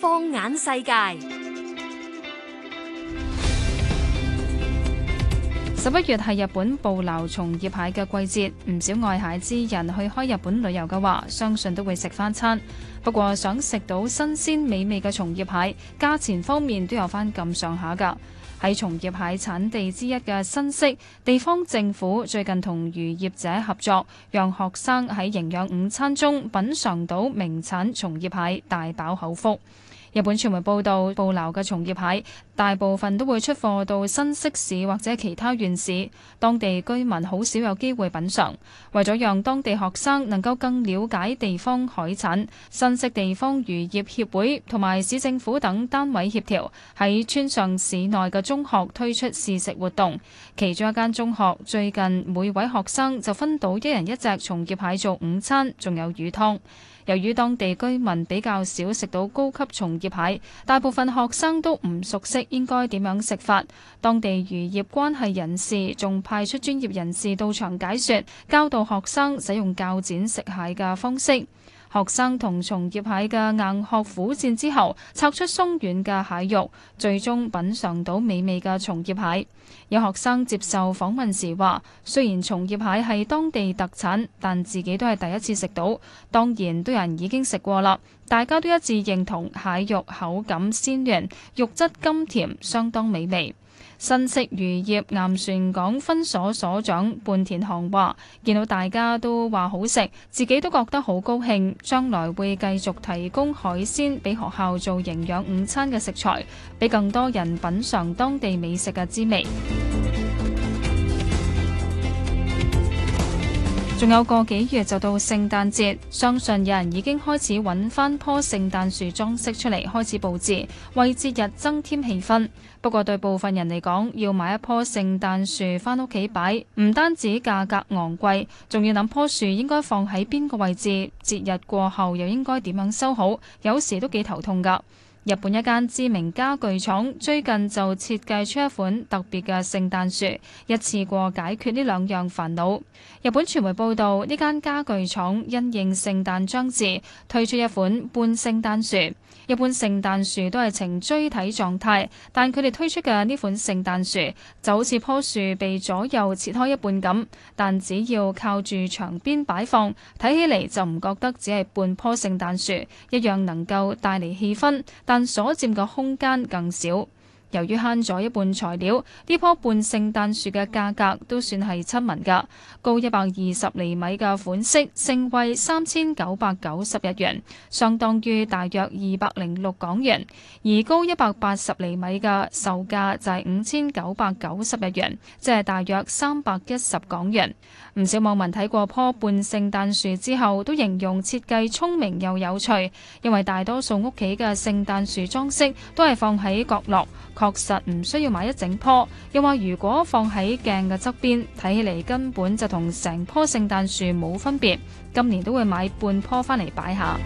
放眼世界。十一月係日本捕撈松葉蟹嘅季節，唔少愛蟹之人去開日本旅遊嘅話，相信都會食翻餐。不過想食到新鮮美味嘅松葉蟹，價錢方面都有翻咁上下㗎。喺松葉蟹產地之一嘅新潟，地方政府最近同漁業者合作，讓學生喺營養午餐中品嚐到名產松葉蟹，大飽口福。日本傳媒報道，捕撈嘅松葉蟹大部分都會出貨到新潟市或者其他縣市，當地居民好少有機會品嚐。為咗讓當地學生能夠更了解地方海產，新潟地方漁業協會同埋市政府等單位協調，喺村上市內嘅中學推出試食活動。其中一間中學最近每位學生就分到一人一隻松葉蟹做午餐，仲有魚湯。由於當地居民比較少食到高級松葉，蟹，大部分學生都唔熟悉應該點樣食法。當地漁業關係人士仲派出專業人士到場解說，教導學生使用鉸剪食蟹嘅方式。學生同松葉蟹嘅硬殼苦戰之後，拆出鬆軟嘅蟹肉，最終品嚐到美味嘅松葉蟹。有學生接受訪問時話，雖然松葉蟹係當地特產，但自己都係第一次食到。當然，都有人已經食過啦，大家都一致認同蟹肉口感鮮嫩，肉質甘甜，相當美味。新潟漁業岩船港分所所長半田航話，見到大家都話好食，自己都覺得好高興。將來會繼續提供海鮮俾學校做營養午餐嘅食材，俾更多人品嚐當地美食嘅滋味。仲有個幾月就到聖誕節，相信有人已經開始揾翻棵聖誕樹裝飾出嚟，開始佈置，為節日增添氣氛。不過對部分人嚟講，要買一棵聖誕樹返屋企擺，唔單止價格昂貴，仲要諗棵樹應該放喺邊個位置，節日過後又應該點樣收好，有時都幾頭痛噶。日本一間知名家具廠最近就設計出一款特別嘅聖誕樹，一次過解決呢兩樣煩惱。日本傳媒報道，呢間家，家具廠因應聖誕將至，推出一款半聖誕樹。一般聖誕樹都係呈錐體狀態，但佢哋推出嘅呢款聖誕樹就好似棵樹被左右切開一半咁，但只要靠住牆邊擺放，睇起嚟就唔覺得只係半棵聖誕樹，一樣能夠帶嚟氣氛。但所佔嘅空間更少。由於慳咗一半材料，呢棵半聖誕樹嘅價格都算係親民㗎。高一百二十厘米嘅款式，盛惠三千九百九十日元，相當於大約二百零六港元；而高一百八十厘米嘅售價就係五千九百九十日元，即係大約三百一十港元。唔少網民睇過棵半聖誕樹之後，都形容設計聰明又有趣，因為大多數屋企嘅聖誕樹裝飾都係放喺角落。確實唔需要買一整棵，棵，又話如果放喺鏡嘅側邊，睇起嚟根本就同成棵聖誕樹冇分別。今年都會買半棵返嚟擺下。